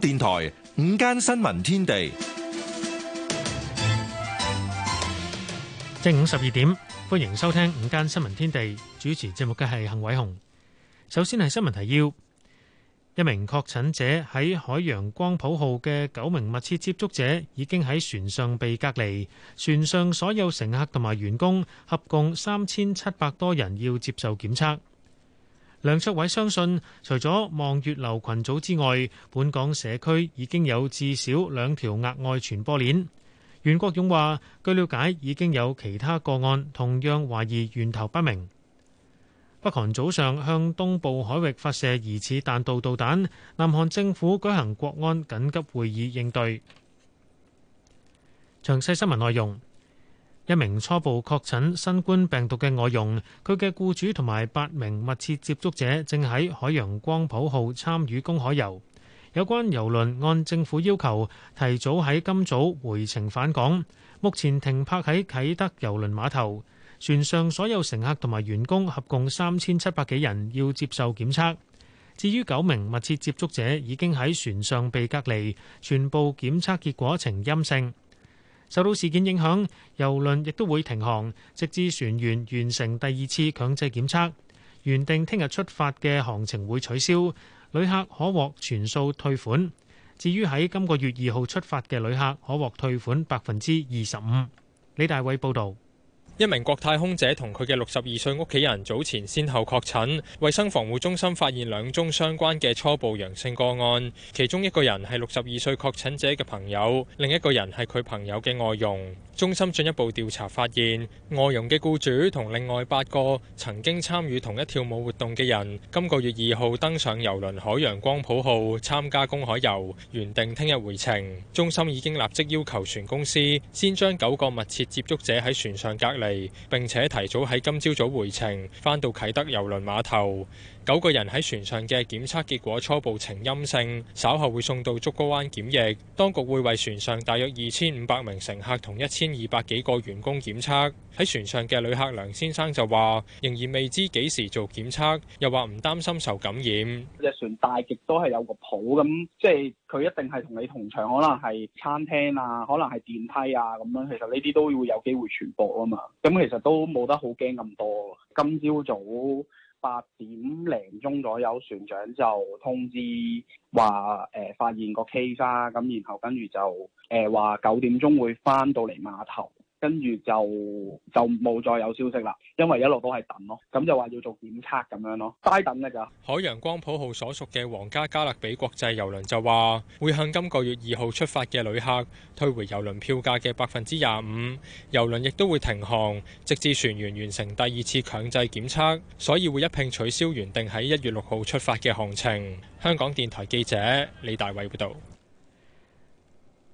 電台午間新聞天地，正午十二點，歡迎收聽午間新聞天地。主持節目嘅係幸偉雄。首先係新聞提要：一名確診者喺海洋光譜號嘅九名密切接觸者已經喺船上被隔離，船上所有乘客同埋員工合共三千七百多人要接受檢測。梁卓偉相信，除咗望月樓群組之外，本港社區已經有至少兩條額外傳播鏈。袁國勇話，據了解，已經有其他個案，同樣懷疑源頭不明。北韓早上向東部海域發射疑似彈道導彈，南韓政府舉行國安緊急會議應對。詳細新聞內容。一名初步確診新冠病毒嘅外傭，佢嘅雇主同埋八名密切接觸者正喺海洋光譜號參與公海遊。有關郵輪按政府要求提早喺今早回程返港，目前停泊喺啟德郵輪碼頭。船上所有乘客同埋員工合共三千七百幾人要接受檢測。至於九名密切接觸者已經喺船上被隔離，全部檢測結果呈陰性。受到事件影響，郵輪亦都會停航，直至船員完成第二次強制檢測。原定聽日出發嘅航程會取消，旅客可獲全數退款。至於喺今個月二號出發嘅旅客，可獲退款百分之二十五。李大偉報導。一名國泰空姐同佢嘅六十二歲屋企人早前先後確診，衛生防護中心發現兩宗相關嘅初步陽性個案，其中一個人係六十二歲確診者嘅朋友，另一個人係佢朋友嘅外傭。中心進一步調查發現，外傭嘅雇主同另外八個曾經參與同一跳舞活動嘅人，今個月二號登上郵輪海洋光譜號參加公海遊，原定聽日回程。中心已經立即要求船公司先將九個密切接觸者喺船上隔離，並且提早喺今朝早早回程返到啟德郵輪碼頭。九個人喺船上嘅檢測結果初步呈陰性，稍後會送到竹篙灣檢疫。當局會為船上大約二千五百名乘客同一千二百幾個員工檢測。喺船上嘅旅客梁先生就話：仍然未知幾時做檢測，又話唔擔心受感染。隻船大極都係有個譜，咁即係佢一定係同你同場，可能係餐廳啊，可能係電梯啊咁樣。其實呢啲都會有機會傳播啊嘛。咁其實都冇得好驚咁多。今朝早。八點零鐘左右，船長就通知話誒、呃、發現個 case 啦，咁、啊、然後跟住就誒話九點鐘會返到嚟碼頭。跟住就就冇再有消息啦，因為一路都係等咯，咁就話要做檢測咁樣咯，齋等嘅啫。海洋光譜號所屬嘅皇家加勒比國際郵輪就話，會向今個月二號出發嘅旅客退回郵輪票價嘅百分之廿五，郵輪亦都會停航，直至船員完成第二次強制檢測，所以會一併取消原定喺一月六號出發嘅航程。香港電台記者李大偉報道。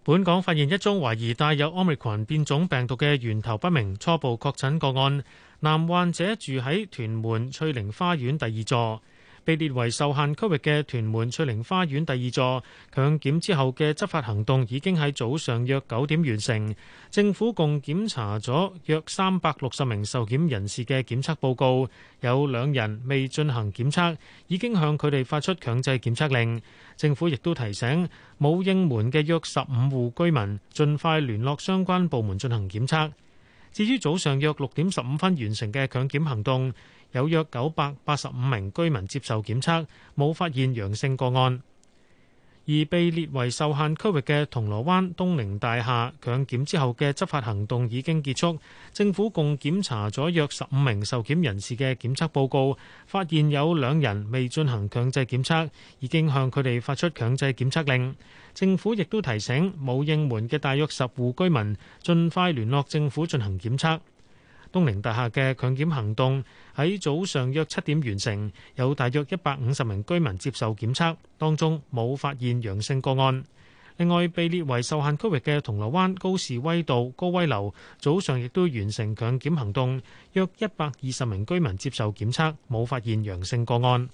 本港發現一宗懷疑帶有 Omicron 變種病毒嘅源頭不明初步確診個案，男患者住喺屯門翠寧花園第二座。被列為受限區域嘅屯門翠玲花園第二座強檢之後嘅執法行動已經喺早上約九點完成。政府共檢查咗約三百六十名受檢人士嘅檢測報告，有兩人未進行檢測，已經向佢哋發出強制檢測令。政府亦都提醒冇應門嘅約十五戶居民，盡快聯絡相關部門進行檢測。至於早上約六點十五分完成嘅強檢行動，有約九百八十五名居民接受檢測，冇發現陽性個案。而被列為受限區域嘅銅鑼灣東寧大廈強檢之後嘅執法行動已經結束。政府共檢查咗約十五名受檢人士嘅檢測報告，發現有兩人未進行強制檢測，已經向佢哋發出強制檢測令。政府亦都提醒冇應門嘅大約十戶居民，盡快聯絡政府進行檢測。東寧大廈嘅強檢行動喺早上約七點完成，有大約一百五十名居民接受檢測，當中冇發現陽性個案。另外，被列為受限區域嘅銅鑼灣高士威道高威樓早上亦都完成強檢行動，約一百二十名居民接受檢測，冇發現陽性個案。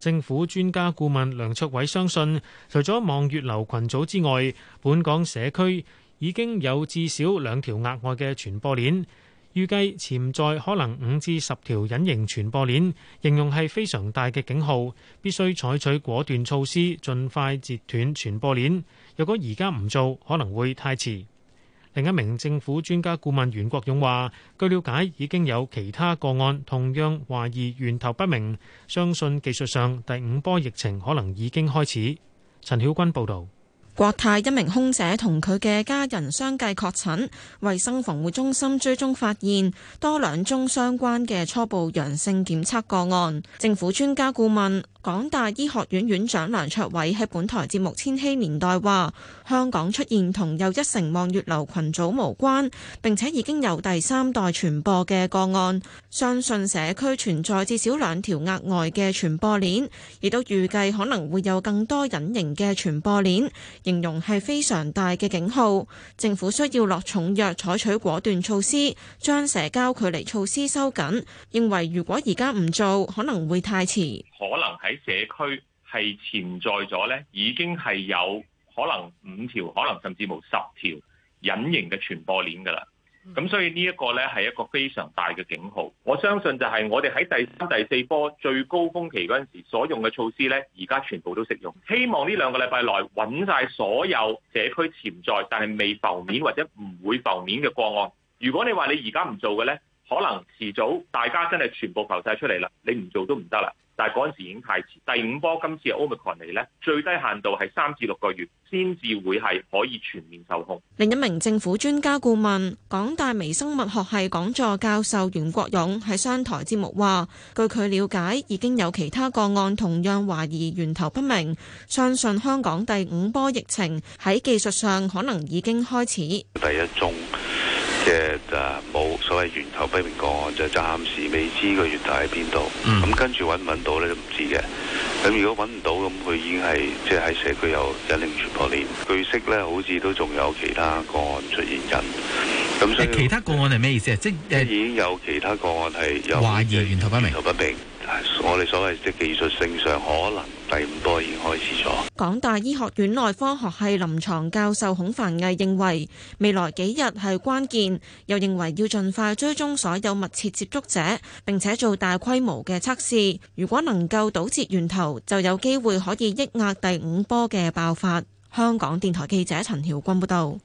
政府專家顧問梁卓偉相信，除咗望月樓群組之外，本港社區已經有至少兩條額外嘅傳播鏈，預計潛在可能五至十條隱形傳播鏈，形容係非常大嘅警號，必須採取果斷措施，盡快截斷傳播鏈。如果而家唔做，可能會太遲。另一名政府專家顧問袁國勇話，據了解已經有其他個案同樣懷疑源頭不明，相信技術上第五波疫情可能已經開始。陳曉君報導。國泰一名空姐同佢嘅家人相繼確診，衛生防護中心追蹤發現多兩宗相關嘅初步陽性檢測個案。政府專家顧問，港大醫學院院長梁卓偉喺本台節目《千禧年代》話，香港出現同又一城望月樓群組無關，並且已經有第三代傳播嘅個案，相信社區存在至少兩條額外嘅傳播鏈，亦都預計可能會有更多隱形嘅傳播鏈，形容係非常大嘅警號。政府需要落重藥，採取果斷措施，將社交距離措施收緊。認為如果而家唔做，可能會太遲。可能喺社區係潛在咗呢，已經係有可能五條，可能甚至冇十條隱形嘅傳播鏈㗎喇。咁所以呢一個呢，係一個非常大嘅警號。我相信就係我哋喺第三、第四波最高峰期嗰陣時所用嘅措施呢，而家全部都適用。希望呢兩個禮拜內揾晒所有社區潛在但係未浮面或者唔會浮面嘅個案。如果你話你而家唔做嘅呢。可能遲早大家真係全部投晒出嚟啦，你唔做都唔得啦。但係嗰陣時已經太遲。第五波今次 Omicron 嚟呢，最低限度係三至六個月先至會係可以全面受控。另一名政府專家顧問、港大微生物學系講座教授袁國勇喺商台節目話，據佢了解，已經有其他個案同樣懷疑源頭不明，相信香港第五波疫情喺技術上可能已經開始。第一宗。即係冇所謂源頭不明個案，就暫時未知個源頭喺邊度。咁、嗯、跟住揾唔揾到呢就唔知嘅。咁如果揾唔到，咁佢已經係即係喺社區有引領傳播鏈。據悉呢，好似都仲有其他個案出現緊。咁所以其他個案係咩意思即係、就係、已經有其他個案係有懷疑源頭不明。源頭不明我哋所謂即技術性上可能第五波已經開始咗。港大醫學院內科學系臨床教授孔凡毅認為，未來幾日係關鍵，又認為要盡快追蹤所有密切接觸者，並且做大規模嘅測試。如果能夠堵截源頭，就有機會可以抑壓第五波嘅爆發。香港電台記者陳曉君報道。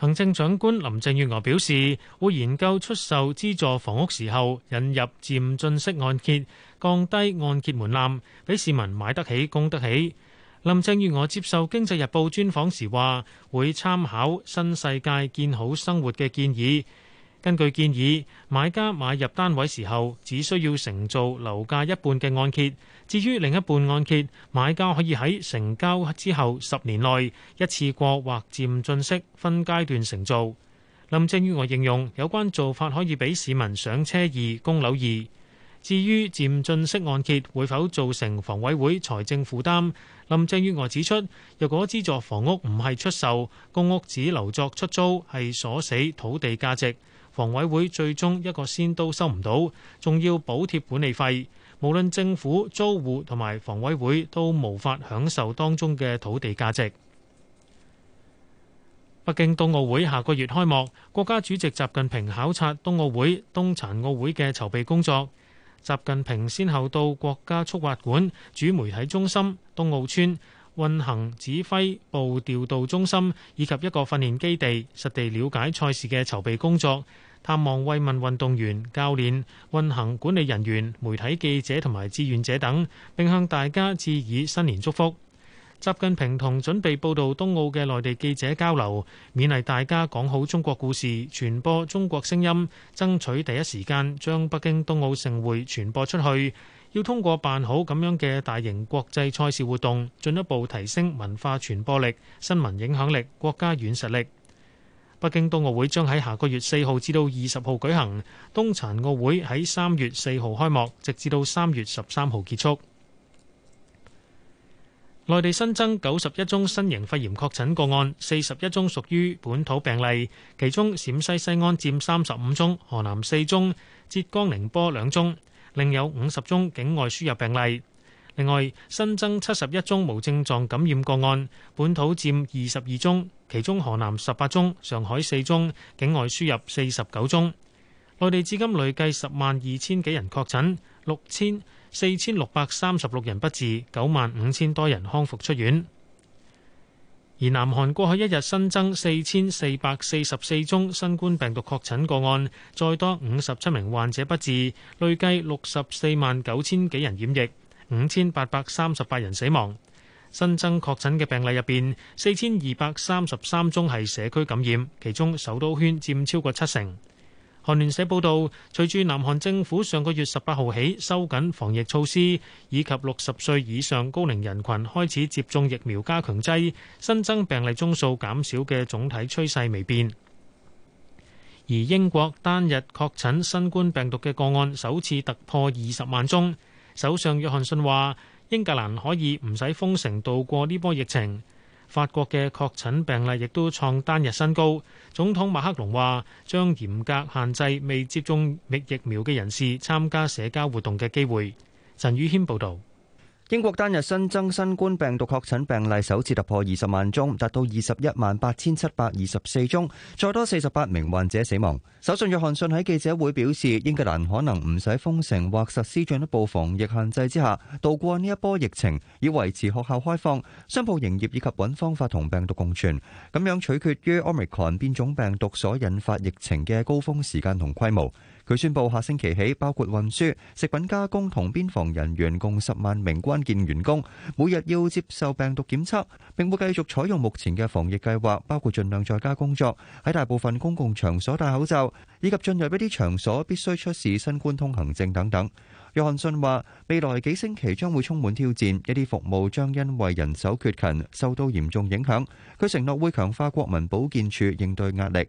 行政長官林鄭月娥表示，會研究出售資助房屋時候引入漸進式按揭，降低按揭門檻，俾市民買得起、供得起。林鄭月娥接受《經濟日報》專訪時話，會參考新世界建好生活嘅建議，根據建議，買家買入單位時候只需要承造樓價一半嘅按揭。至於另一半按揭，買家可以喺成交之後十年內一次過或漸進式分階段承造。林鄭月娥形容有關做法可以俾市民上車易，供樓易。至於漸進式按揭會否造成房委會財政負擔？林鄭月娥指出，若果資助房屋唔係出售，公屋只留作出租，係鎖死土地價值，房委會最終一個仙都收唔到，仲要補貼管理費。無論政府租戶同埋房委會都無法享受當中嘅土地價值。北京冬奧會下個月開幕，國家主席習近平考察冬奧會、冬殘奧會嘅籌備工作。習近平先後到國家速滑館、主媒體中心、冬奧村、運行指揮部調度中心，以及一個訓練基地，實地了解賽事嘅籌備工作。探望慰問運動員、教練、運行管理人員、媒體記者同埋志願者等，並向大家致以新年祝福。習近平同準備報道冬奧嘅內地記者交流，勉勵大家講好中國故事，傳播中國聲音，爭取第一時間將北京冬奧盛會傳播出去。要通過辦好咁樣嘅大型國際賽事活動，進一步提升文化傳播力、新聞影響力、國家軟實力。北京冬奧會將喺下個月四號至到二十號舉行，冬殘奧會喺三月四號開幕，直至到三月十三號結束。內地新增九十一宗新型肺炎確診個案，四十一宗屬於本土病例，其中陝西西安佔三十五宗，河南四宗，浙江寧波兩宗，另有五十宗境外輸入病例。另外新增七十一宗無症狀感染個案，本土佔二十二宗，其中河南十八宗，上海四宗，境外輸入四十九宗。內地至今累計十萬二千幾人確診，六千四千六百三十六人不治，九萬五千多人康復出院。而南韓過去一日新增四千四百四十四宗新冠病毒確診個案，再多五十七名患者不治，累計六十四萬九千幾人染疫。五千八百三十八人死亡，新增確診嘅病例入邊，四千二百三十三宗係社區感染，其中首都圈佔超過七成。韓聯社報道，隨住南韓政府上個月十八號起收緊防疫措施，以及六十歲以上高齡人群開始接種疫苗加強劑，新增病例宗數減少嘅總體趨勢未變。而英國單日確診新冠病毒嘅個案首次突破二十萬宗。首相約翰遜話：英格蘭可以唔使封城度過呢波疫情。法國嘅確診病例亦都創單日新高。總統馬克龍話，將嚴格限制未接種疫疫苗嘅人士參加社交活動嘅機會。陳宇謙報道。英國單日新增新冠病毒確診病例首次突破二十萬宗，達到二十一萬八千七百二十四宗，再多四十八名患者死亡。首相約翰遜喺記者會表示，英格蘭可能唔使封城或實施進一步防疫限制之下，渡過呢一波疫情，以維持學校開放、商鋪營業以及揾方法同病毒共存。咁樣取決於，Omicron 變種病毒所引發疫情嘅高峰時間同規模。佢宣布下星期起，包括運輸、食品加工同邊防人員共十萬名關鍵員工，每日要接受病毒檢測。並會繼續採用目前嘅防疫計劃，包括盡量在家工作、喺大部分公共場所戴口罩，以及進入一啲場所必須出示新冠通行證等等。約翰遜話：未來幾星期將會充滿挑戰，一啲服務將因為人手缺勤受到嚴重影響。佢承諾會強化國民保健署應對壓力。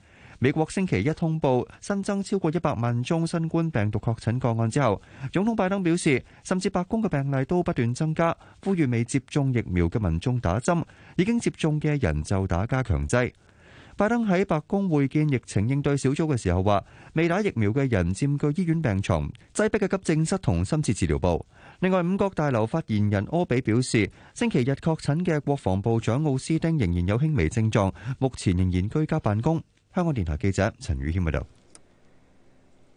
美國星期一通報新增超過一百萬宗新冠病毒確診個案之後，總統拜登表示，甚至白宮嘅病例都不斷增加，呼籲未接種疫苗嘅民眾打針，已經接種嘅人就打加強劑。拜登喺白宮會見疫情應對小組嘅時候話，未打疫苗嘅人佔據醫院病床，擠迫嘅急症室同深切治療部。另外，五角大樓發言人柯比表示，星期日確診嘅國防部長奧斯丁仍然有輕微症狀，目前仍然居家辦公。香港電台記者陳宇謙報道：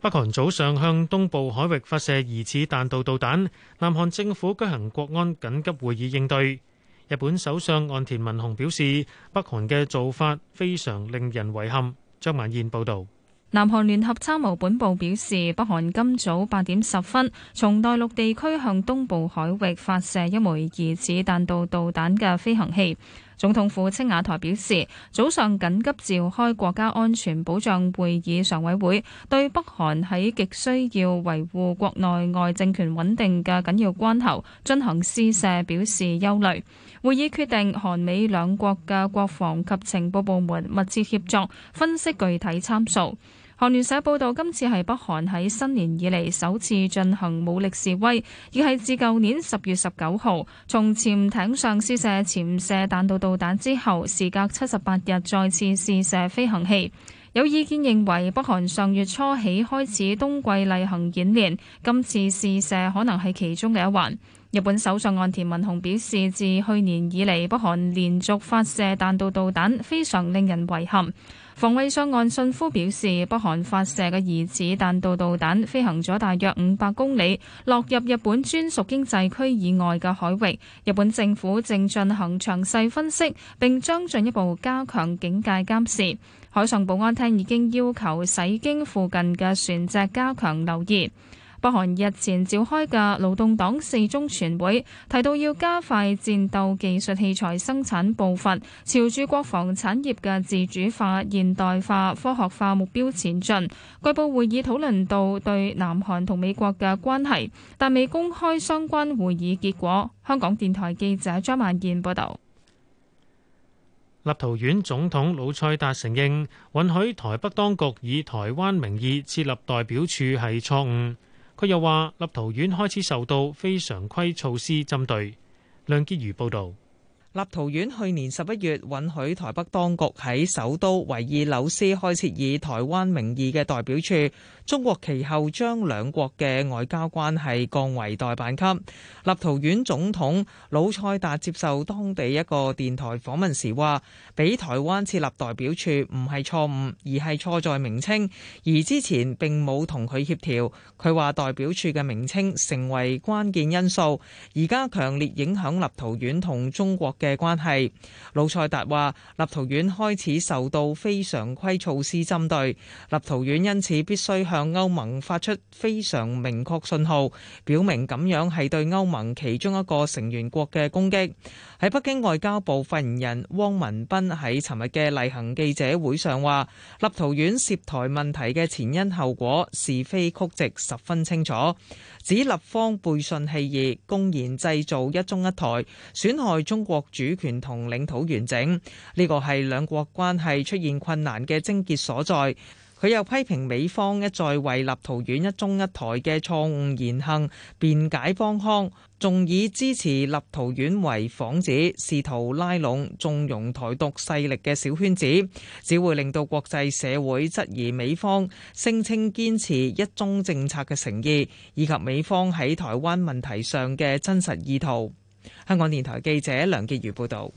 北韓早上向東部海域發射疑似彈道導彈，南韓政府舉行國安緊急會議應對。日本首相岸田文雄表示，北韓嘅做法非常令人遺憾。張曼燕報道：南韓聯合參謀本部表示，北韓今早八點十分從內陸地區向東部海域發射一枚疑似彈道導彈嘅飛行器。總統府青瓦台表示，早上緊急召開國家安全保障會議常委會，對北韓喺極需要維護國內外政權穩定嘅緊要關頭進行試射表示憂慮。會議決定韓美兩國嘅國防及情報部門密切協作，分析具體參數。韓聯社報道，今次係北韓喺新年以嚟，首次進行武力示威，亦係自舊年十月十九號從潛艇上試射潛射彈道導彈之後，時隔七十八日再次試射飛行器。有意見認為，北韓上月初起開始冬季例行演練，今次試射可能係其中嘅一環。日本首相岸田文雄表示，自去年以嚟，北韓連續發射彈道導彈，非常令人遺憾。防衛相岸信夫表示，北韓發射嘅疑似彈道導彈飛行咗大約五百公里，落入日本專屬經濟區以外嘅海域。日本政府正進行詳細分析，並將進一步加強警戒監視。海上保安廳已經要求使經附近嘅船隻加強留意。北韓日前召開嘅勞動黨四中全會提到，要加快戰鬥技術器材生產步伐，朝住國防產業嘅自主化、現代化、科學化目標前進。據報會議討論到對南韓同美國嘅關係，但未公開相關會議結果。香港電台記者張曼燕報導。立陶宛總統魯塞達承認，允許台北當局以台灣名義設立代表處係錯誤。佢又話：立陶宛開始受到非常規措施針對。梁潔如報導。立陶宛去年十一月允許台北當局喺首都維爾紐斯開設以台灣名義嘅代表處，中國其後將兩國嘅外交關係降為代辦級。立陶宛總統魯塞達接受當地一個電台訪問時話，俾台灣設立代表處唔係錯誤，而係錯在名稱，而之前並冇同佢協調，佢話代表處嘅名稱成為關鍵因素，而家強烈影響立陶宛同中國嘅關係，魯塞達話立陶宛開始受到非常規措施針對，立陶宛因此必須向歐盟發出非常明確信號，表明噉樣係對歐盟其中一個成員國嘅攻擊。喺北京外交部發言人汪文斌喺尋日嘅例行記者會上話，立陶宛涉台問題嘅前因後果是非曲直十分清楚。指立方背信棄義，公然製造一中一台，損害中國主權同領土完整。呢個係兩國關係出現困難嘅症結所在。佢又批評美方一再為立陶宛一中一台嘅錯誤言行辯解幫腔，仲以支持立陶宛為幌子，試圖拉攏縱容台獨勢力嘅小圈子，只會令到國際社會質疑美方聲稱堅持一中政策嘅誠意，以及美方喺台灣問題上嘅真實意圖。香港電台記者梁潔如報導。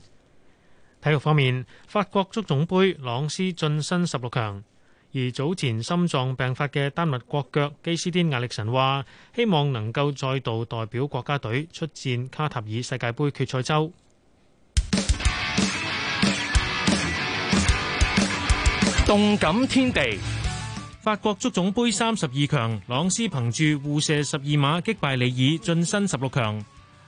體育方面，法國足總杯，朗斯晉身十六強。而早前心臟病發嘅丹麥國腳基斯丁亞歷臣話，希望能夠再度代表國家隊出戰卡塔爾世界盃決賽周。動感天地，法國足總盃三十二強，朗斯憑住互射十二碼擊敗里爾，晉身十六強。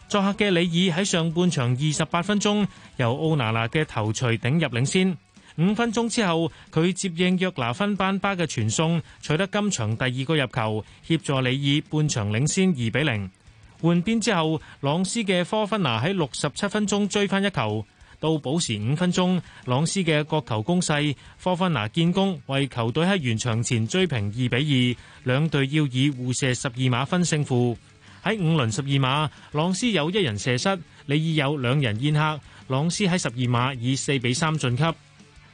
作客嘅里爾喺上半場二十八分鐘，由奧拿拿嘅頭槌頂入領先。五分鐘之後，佢接應約拿芬班巴嘅傳送，取得今場第二個入球，協助里爾半場領先二比零。換邊之後，朗斯嘅科芬拿喺六十七分鐘追翻一球，到補時五分鐘，朗斯嘅角球攻勢，科芬拿建功，為球隊喺完場前追平二比二。兩隊要以互射十二碼分勝負。喺五輪十二碼，朗斯有一人射失，里爾有兩人宴客，朗斯喺十二碼以四比三晉級。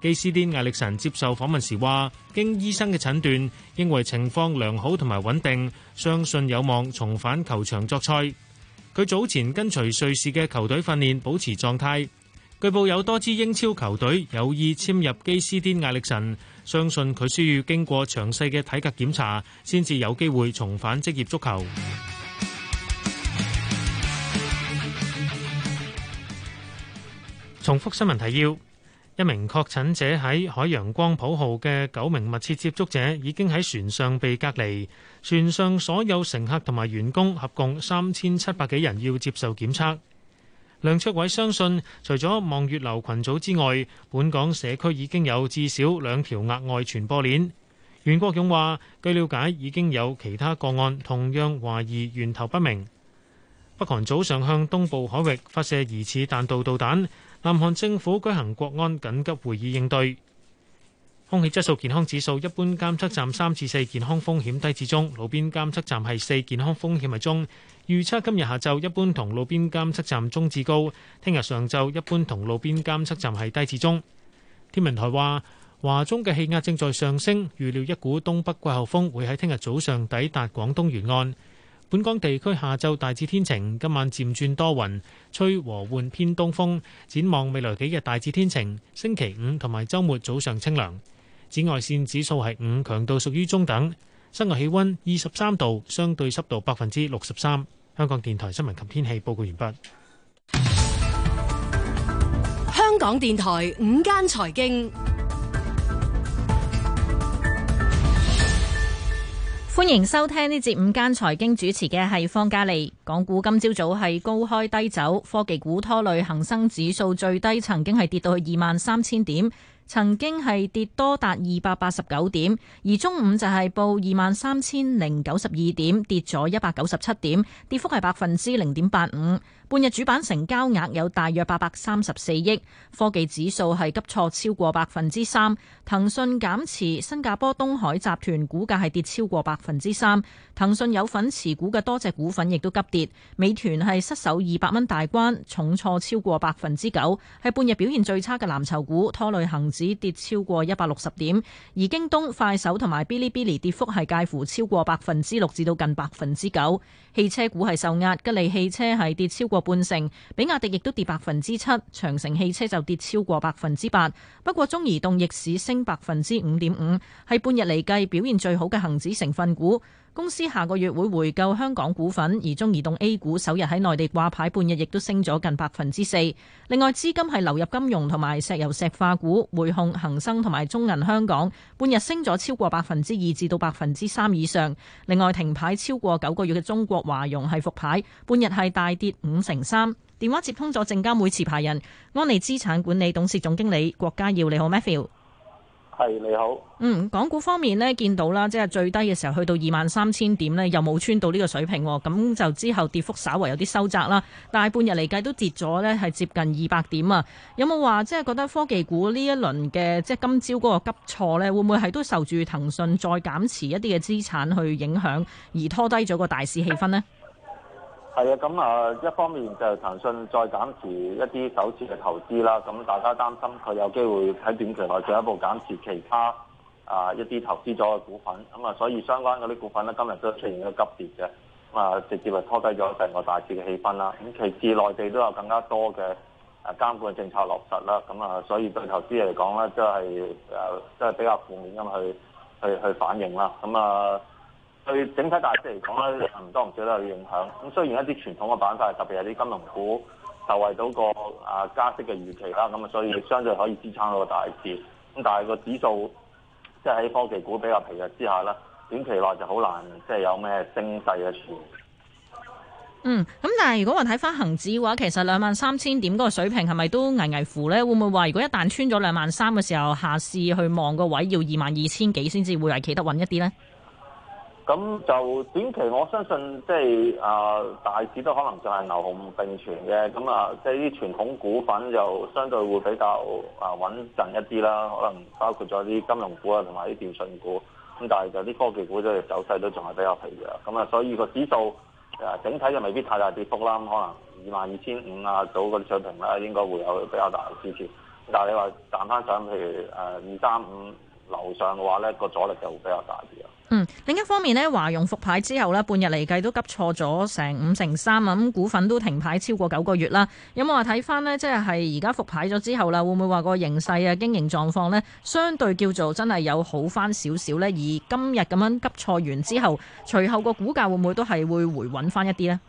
基斯甸艾力臣接受訪問時話，經醫生嘅診斷，認為情況良好同埋穩定，相信有望重返球場作賽。佢早前跟隨瑞士嘅球隊訓練，保持狀態。據報有多支英超球隊有意簽入基斯甸艾力臣，相信佢需要經過詳細嘅體格檢查，先至有機會重返職業足球。重複新聞提要。一名確診者喺海洋光譜號嘅九名密切接觸者已經喺船上被隔離，船上所有乘客同埋員工合共三千七百幾人要接受檢測。梁卓偉相信，除咗望月樓群組之外，本港社區已經有至少兩條額外傳播鏈。袁國勇話：據了解，已經有其他個案同樣懷疑源頭不明。北韓早上向東部海域發射疑似彈道導彈。南韓政府舉行國安緊急會議應對。空氣質素健康指數一般監測站三至四，健康風險低至中，路邊監測站係四，健康風險係中。預測今日下晝一般同路邊監測站中至高，聽日上晝一般同路邊監測站係低至中。天文台話，華中嘅氣壓正在上升，預料一股東北季候風會喺聽日早上抵達廣東沿岸。本港地區下晝大致天晴，今晚漸轉多雲，吹和緩偏東風。展望未來幾日大致天晴，星期五同埋週末早上清涼。紫外線指數係五，強度屬於中等。室外氣溫二十三度，相對濕度百分之六十三。香港電台新聞及天氣報告完畢。香港電台午間財經。歡迎收聽呢節午間財經，主持嘅係方嘉利。港股今朝早係高開低走，科技股拖累恒生指數最低曾經係跌到去二萬三千點，曾經係跌多達二百八十九點，而中午就係報二萬三千零九十二點，跌咗一百九十七點，跌幅係百分之零點八五。半日主板成交額有大約八百三十四億，科技指數係急挫超過百分之三，騰訊減持，新加坡東海集團股價係跌超過百分之三，騰訊有份持股嘅多隻股份亦都急跌，美團係失守二百蚊大關，重挫超過百分之九，係半日表現最差嘅藍籌股，拖累恒指跌超過一百六十點，而京東、快手同埋嗶哩嗶哩跌幅係介乎超過百分之六至到近百分之九，汽車股係受壓，吉利汽車係跌超過過半成，比亞迪亦都跌百分之七，長城汽車就跌超過百分之八。不過中移動逆市升百分之五點五，係半日嚟計表現最好嘅恒指成分股。公司下個月會回購香港股份，而中移動 A 股首日喺內地掛牌半日，亦都升咗近百分之四。另外資金係流入金融同埋石油石化股，匯控、恒生同埋中銀香港半日升咗超過百分之二至到百分之三以上。另外停牌超過九個月嘅中國華融係復牌，半日係大跌五成三。電話接通咗證監會持牌人安利資產管理董事總經理郭家耀，你好 Matthew。係你好，嗯，港股方面呢，見到啦，即係最低嘅時候去到二萬三千點呢，又冇穿到呢個水平，哦，咁就之後跌幅稍微有啲收窄啦。大半日嚟計都跌咗呢，係接近二百點啊。有冇話即係覺得科技股呢一輪嘅即係今朝嗰個急挫呢，會唔會係都受住騰訊再減持一啲嘅資產去影響，而拖低咗個大市氣氛呢？係啊，咁啊一方面就騰訊再減持一啲首次嘅投資啦，咁大家擔心佢有機會喺短期內進一步減持其他啊一啲投資咗嘅股份，咁啊所以相關嗰啲股份咧今日都出現咗急跌嘅，咁啊直接啊拖低咗成個大市嘅氣氛啦。咁其次內地都有更加多嘅啊監管嘅政策落實啦，咁啊所以對投資嚟講咧，即係誒即係比較負面咁去去去反應啦，咁啊。對整體大市嚟講咧，唔多唔少都有影響。咁雖然一啲傳統嘅板塊，特別係啲金融股，受惠到個啊加息嘅預期啦，咁所以相對可以支撐到個大市。咁但係個指數即係喺科技股比較疲弱之下咧，短期內就好難即係有咩升勢嘅。嗯，咁但係如果話睇翻恒指嘅話，其實兩萬三千點嗰個水平係咪都危危乎咧？會唔會話如果一旦穿咗兩萬三嘅時候，下市去望個位要二萬二千幾先至會係企得穩一啲咧？咁就短期，我相信即係啊、呃，大市都可能就係牛熊並存嘅。咁啊，即係啲傳統股份就相對會比較啊穩陣一啲啦，可能包括咗啲金融股啊，同埋啲電信股。咁但係就啲科技股即係走勢都仲係比較疲弱。咁啊，所以個指數啊、呃，整體就未必太大跌幅啦。咁可能二萬二千五啊到嗰啲水平啦，應該會有比較大嘅支持。但係你話賺翻上譬如誒二三五樓上嘅話咧，個阻力就會比較大啲啊。嗯，另一方面咧，華融復牌之後咧，半日嚟計都急挫咗成五成三，咁、嗯、股份都停牌超過九個月啦。有冇話睇翻咧，即係而家復牌咗之後啦，會唔會話個形勢啊、經營狀況呢？相對叫做真係有好翻少少呢？而今日咁樣急挫完之後，隨後個股價會唔會都係會回穩翻一啲呢？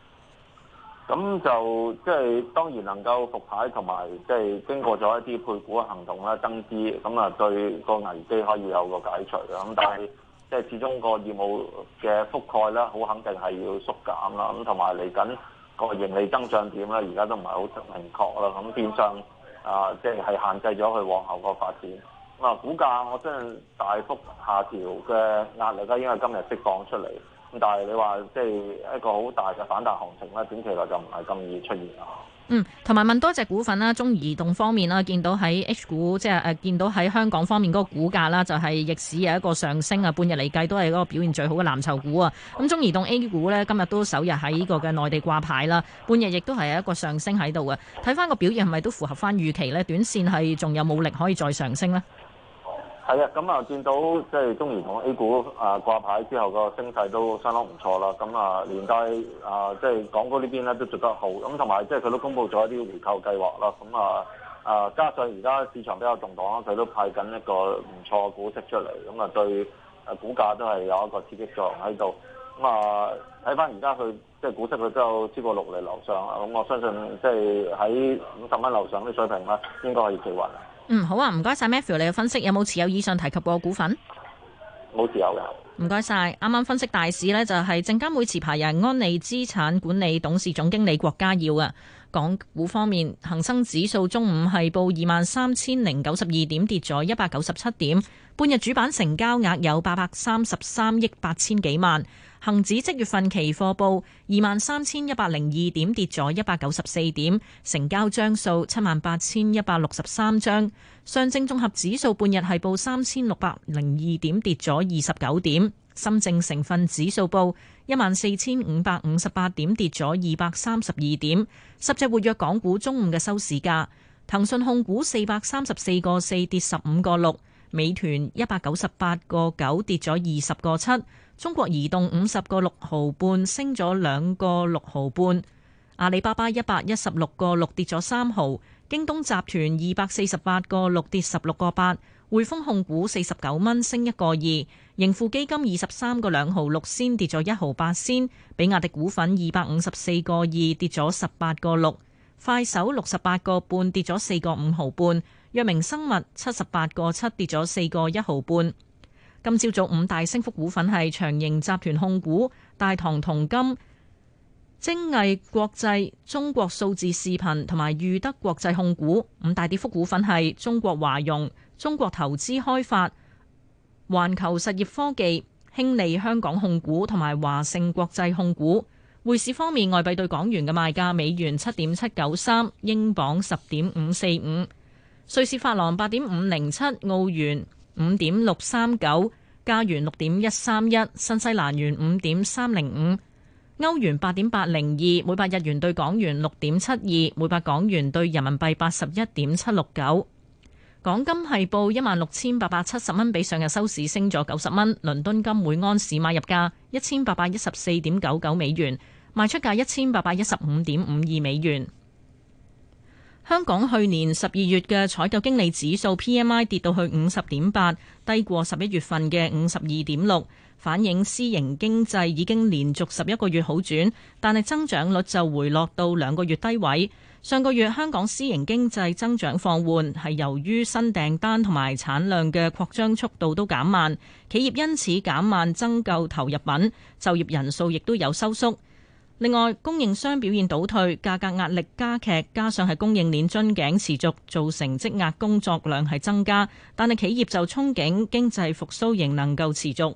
咁就即係、就是、當然能夠復牌同埋即係經過咗一啲配股行動啦、增資，咁啊對個危機可以有個解除咁，但係。即係始終個業務嘅覆蓋啦，好肯定係要縮減啦，咁同埋嚟緊個盈利增長點啦，而家都唔係好明確啦，咁變相啊，即係限制咗佢往後個發展。咁啊，股價我相信大幅下調嘅壓力啦，應該今日釋放出嚟。咁但係你話即係一個好大嘅反彈行情咧，短期內就唔係咁易出現啊。嗯，同埋問多隻股份啦，中移動方面啦，見到喺 H 股即係誒，見到喺香港方面嗰個股價啦，就係逆市有一個上升啊，半日嚟計都係嗰個表現最好嘅藍籌股啊。咁中移動 A 股呢，今日都首日喺呢個嘅內地掛牌啦，半日亦都係有一個上升喺度嘅。睇翻個表現係咪都符合翻預期呢？短線係仲有冇力可以再上升呢？係啊，咁啊、嗯，見到即係中移動 A 股啊、呃、掛牌之後個升勢都相當唔錯啦。咁、嗯、啊，連帶啊，即係港股呢邊咧都做得好。咁同埋即係佢都公布咗一啲回購計劃啦。咁、嗯、啊啊，加上而家市場比較動盪，佢都派緊一個唔錯股息出嚟。咁、嗯、啊，對股價都係有一個刺激作用喺度。咁、嗯、啊，睇翻而家佢即係股息佢都有超過六厘樓上。咁、嗯、我相信即係喺五十蚊樓上啲水平啦，應該可以企穩。嗯，好啊，唔該晒 Matthew，你嘅分析有冇持有以上提及過股份？冇持有噶。唔該晒，啱啱分析大市呢，就係證監會持牌人安利資產管理董事總經理郭家耀啊。港股方面，恒生指數中午係報二萬三千零九十二點，跌咗一百九十七點。半日主板成交額有八百三十三億八千幾萬。恒指即月份期貨報二萬三千一百零二點，跌咗一百九十四點，成交張數七萬八千一百六十三張。上證綜合指數半日係報三千六百零二點，跌咗二十九點。深證成分指數報一萬四千五百五十八點，跌咗二百三十二點。十隻活躍港股中午嘅收市價：騰訊控股四百三十四個四跌十五個六，美團一百九十八個九跌咗二十個七，中國移動五十個六毫半升咗兩個六毫半，阿里巴巴一百一十六個六跌咗三毫，京東集團二百四十八個六跌十六個八。匯豐控股四十九蚊升一個二，盈富基金二十三個兩毫六先跌咗一毫八先，比亞迪股份二百五十四個二跌咗十八個六，快手六十八個半跌咗四個五毫半，藥明生物七十八個七跌咗四個一毫半。今朝早五大升幅股份係長盈集團控股、大唐同金、精藝國際、中國數字視頻同埋裕德國際控股。五大跌幅股份係中國華融，中國投資開發、環球實業科技、興利香港控股同埋華盛國際控股。匯市方面，外幣對港元嘅賣價：美元七點七九三，英鎊十點五四五，瑞士法郎八點五零七，澳元五點六三九，加元六點一三一，新西蘭元五點三零五，歐元八點八零二，每百日元對港元六點七二，每百港元對人民幣八十一點七六九。港金係報一萬六千八百七十蚊，比上日收市升咗九十蚊。倫敦金每安士買入價一千八百一十四點九九美元，賣出價一千八百一十五點五二美元。香港去年十二月嘅採購經理指數 PMI 跌到去五十點八，低過十一月份嘅五十二點六。反映私營經濟已經連續十一個月好轉，但係增長率就回落到兩個月低位。上個月香港私營經濟增長放緩，係由於新訂單同埋產量嘅擴張速度都減慢，企業因此減慢增購投入品，就業人數亦都有收縮。另外，供應商表現倒退，價格壓力加劇，加上係供應鏈樽頸持續，造成積壓工作量係增加，但係企業就憧憬經濟復甦仍能夠持續。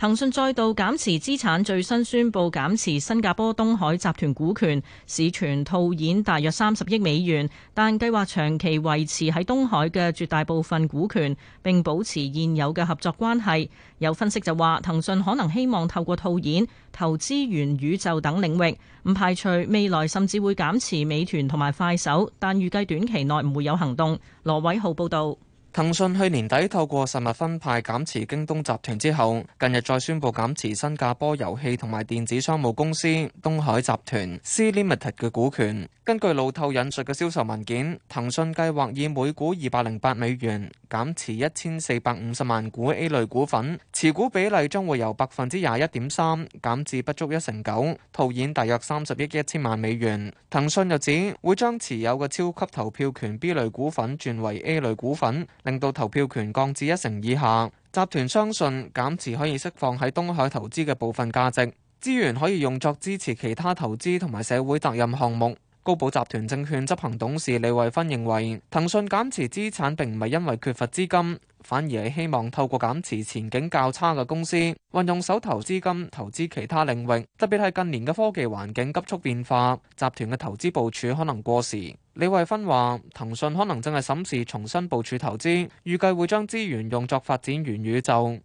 騰訊再度減持資產，最新宣布減持新加坡東海集團股權，市全套現大約三十億美元，但計劃長期維持喺東海嘅絕大部分股權，並保持現有嘅合作關係。有分析就話騰訊可能希望透過套現投資元宇宙等領域，唔排除未來甚至會減持美團同埋快手，但預計短期內唔會有行動。羅偉浩報道。騰訊去年底透過實物分派減持京東集團之後，近日再宣布減持新加坡遊戲同埋電子商務公司東海集團 （Sea Limited） 嘅股權。根據路透引述嘅銷售文件，騰訊計劃以每股二百零八美元減持一千四百五十萬股 A 類股份，持股比例將會由百分之廿一點三減至不足一成九，套現大約三十億一千萬美元。騰訊又指會將持有嘅超級投票權 B 類股份轉為 A 類股份。令到投票權降至一成以下。集團相信減持可以釋放喺東海投資嘅部分價值資源，可以用作支持其他投資同埋社會責任項目。高寶集團證券執行董事李慧芬認為，騰訊減持資產並唔係因為缺乏資金，反而係希望透過減持前景較差嘅公司，運用手頭資金投資其他領域，特別係近年嘅科技環境急速變化，集團嘅投資部署可能過時。李慧芬話，騰訊可能正係審視重新部署投資，預計會將資源用作發展元宇宙。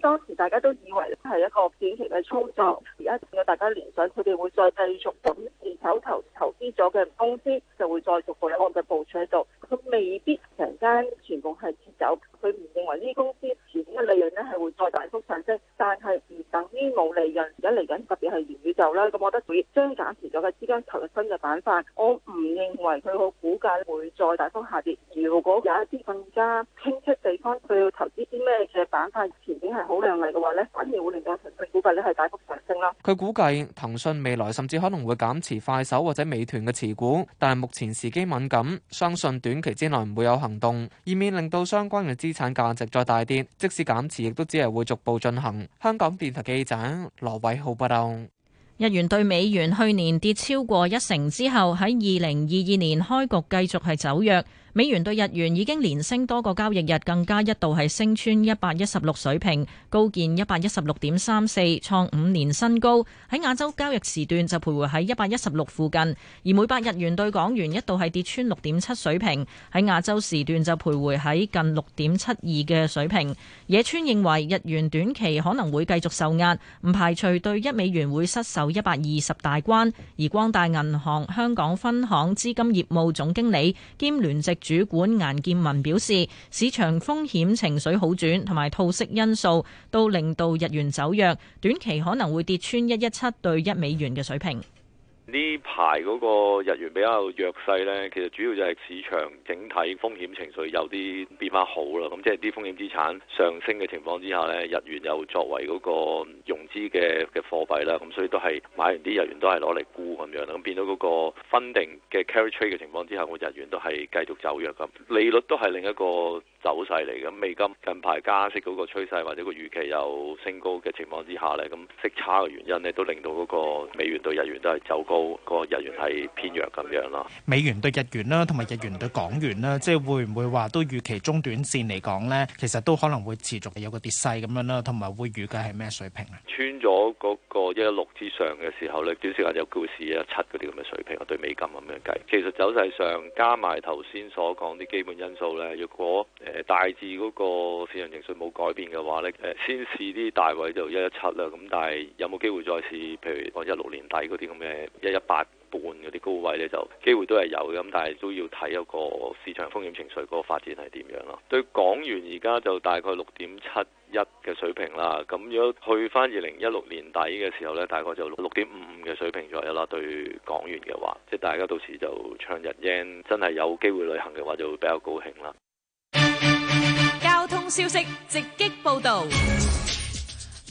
當時大家都以為咧係一個短期嘅操作，而家見到大家聯想，佢哋會再繼續審視手頭投資咗嘅公司，就會再逐過一項嘅部署喺度。佢未必成間全部係撤走，佢唔認為呢公司錢嘅利潤咧係會再大幅上升，但係唔等於冇利潤。而家嚟緊特別係元宇宙啦，咁我覺得會將減持咗嘅資金投入新嘅板塊，我唔認為佢個股價會再大幅下跌。如果有一啲更加清晰地方，佢要投資啲咩嘅板塊係好靚麗嘅話咧，反而會令到騰訊股份係大幅上升啦。佢估計騰訊未來甚至可能會減持快手或者美團嘅持股，但係目前時機敏感，相信短期之內唔會有行動，以免令到相關嘅資產價值再大跌。即使減持，亦都只係會逐步進行。香港電台記者羅偉浩報道：不日元對美元去年跌超過一成之後，喺二零二二年開局繼續係走弱。美元兌日元已經連升多個交易日，更加一度係升穿一百一十六水平，高見一百一十六點三四，創五年新高。喺亞洲交易時段就徘徊喺一百一十六附近，而每百日元對港元一度係跌穿六點七水平，喺亞洲時段就徘徊喺近六點七二嘅水平。野村認為日元短期可能會繼續受壓，唔排除對一美元會失守一百二十大關。而光大銀行香港分行資金業務總經理兼聯席主管顏建文表示，市場風險情緒好轉同埋套息因素，都令到日元走弱，短期可能會跌穿一一七對一美元嘅水平。呢排嗰個日元比較弱勢呢，其實主要就係市場整體風險情緒有啲變化，好啦，咁即係啲風險資產上升嘅情況之下呢，日元又作為嗰個融資嘅嘅貨幣啦，咁所以都係買完啲日元都係攞嚟沽咁樣啦，咁變到嗰個 funding 嘅 carry trade 嘅情況之下，個日元都係繼續走弱咁。利率都係另一個走勢嚟嘅，美金近排加息嗰個趨勢或者個預期有升高嘅情況之下呢，咁息差嘅原因呢，都令到嗰個美元對日元都係走高。個日元係偏弱咁樣咯。美元對日元啦，同埋日元對港元啦，即係會唔會話都預期中短線嚟講呢？其實都可能會持續有個跌勢咁樣啦，同埋會預計係咩水平咧？穿咗嗰個一一六之上嘅時候呢，咧，短線有試一一七嗰啲咁嘅水平啦，對美金咁樣計。其實走勢上加埋頭先所講啲基本因素呢，如果誒，大致嗰個市場情緒冇改變嘅話呢，誒，先試啲大位就一一七啦，咁但係有冇機會再試？譬如我一六年底嗰啲咁嘅。一一八半嗰啲高位呢，就機會都係有嘅，咁但係都要睇一個市場風險情緒嗰個發展係點樣咯。對港元而家就大概六點七一嘅水平啦，咁如果去翻二零一六年底嘅時候呢，大概就六點五五嘅水平左右啦。對港元嘅話，即係大家到時就唱日元，真係有機會旅行嘅話，就會比較高興啦。交通消息直擊報道。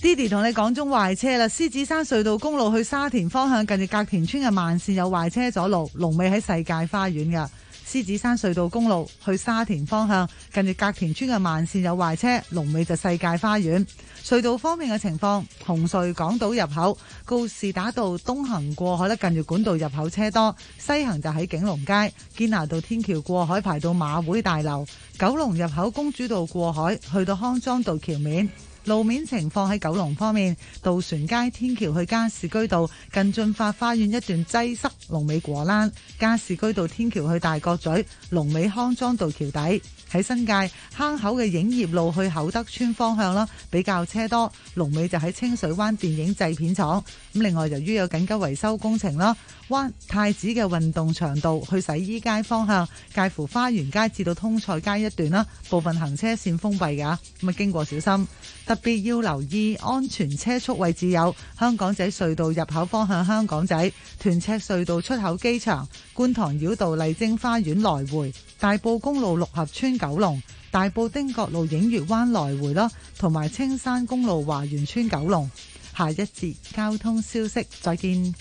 爹地同你講中壞車啦！獅子山隧道公路去沙田方向，近住隔田村嘅慢綫有壞車阻路，龍尾喺世界花園嘅獅子山隧道公路去沙田方向，近住隔田村嘅慢綫有壞車，龍尾就世界花園。隧道方面嘅情況，紅隧港島入口告士打道東行過海咧，近住管道入口車多；西行就喺景隆街堅拿道天橋過海排到馬會大樓，九龍入口公主道過海去到康莊道橋面。路面情況喺九龍方面，渡船街天橋去加士居道近駿發花園一段擠塞，龍尾果欄；加士居道天橋去大角咀、龍尾康莊道橋底；喺新界坑口嘅影業路去厚德村方向啦，比較車多；龍尾就喺清水灣電影製片廠，咁另外由於有緊急維修工程咯。灣太子嘅運動場度，去洗衣街方向，介乎花園街至到通菜街一段啦，部分行車線封閉噶，咁啊經過小心，特別要留意安全車速位置，有香港仔隧道入口方向香港仔、屯赤隧道出口機場、觀塘繞道麗晶花園來回、大埔公路六合村九龍、大埔汀角路映月灣來回啦，同埋青山公路華園村九龍。下一節交通消息，再見。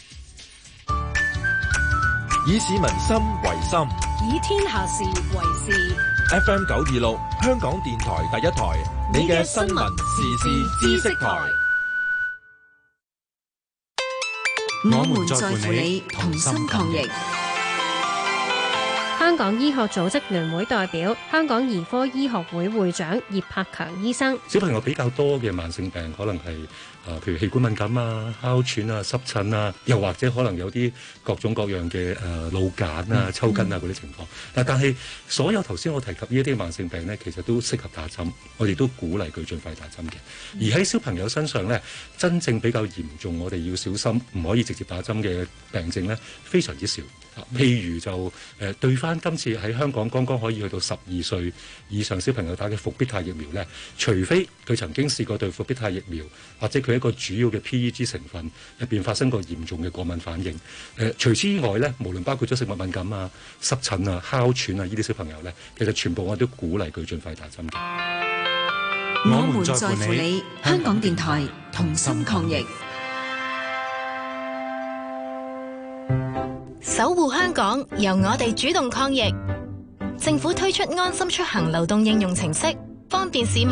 以市民心為心，以天下事為事。FM 九二六，香港電台第一台，你嘅新聞時事知識台。我們在乎你，同心抗疫。同香港醫學組織聯會代表、香港兒科醫學會會長葉柏強醫生：小朋友比較多嘅慢性病，可能係誒、呃，譬如氣管敏感啊、哮喘啊、濕疹啊，又或者可能有啲各種各樣嘅誒腦癇啊、抽筋啊嗰啲情況。嗯、但係所有頭先我提及呢一啲慢性病咧，其實都適合打針，我哋都鼓勵佢盡快打針嘅。而喺小朋友身上咧，真正比較嚴重，我哋要小心，唔可以直接打針嘅病症咧，非常之少。譬如就誒、呃、對翻。今次喺香港，剛剛可以去到十二歲以上小朋友打嘅復必泰疫苗呢，除非佢曾經試過對復必泰疫苗或者佢一個主要嘅 PEG 成分入邊發生過嚴重嘅過敏反應。誒、呃，除此之外呢，無論包括咗食物敏感啊、濕疹啊、哮喘啊呢啲小朋友呢，其實全部我都鼓勵佢盡快打針嘅。我們在乎你，香港電台同心抗疫。守護香港，由我哋主動抗疫，政府推出安心出行流動應用程式，方便市民。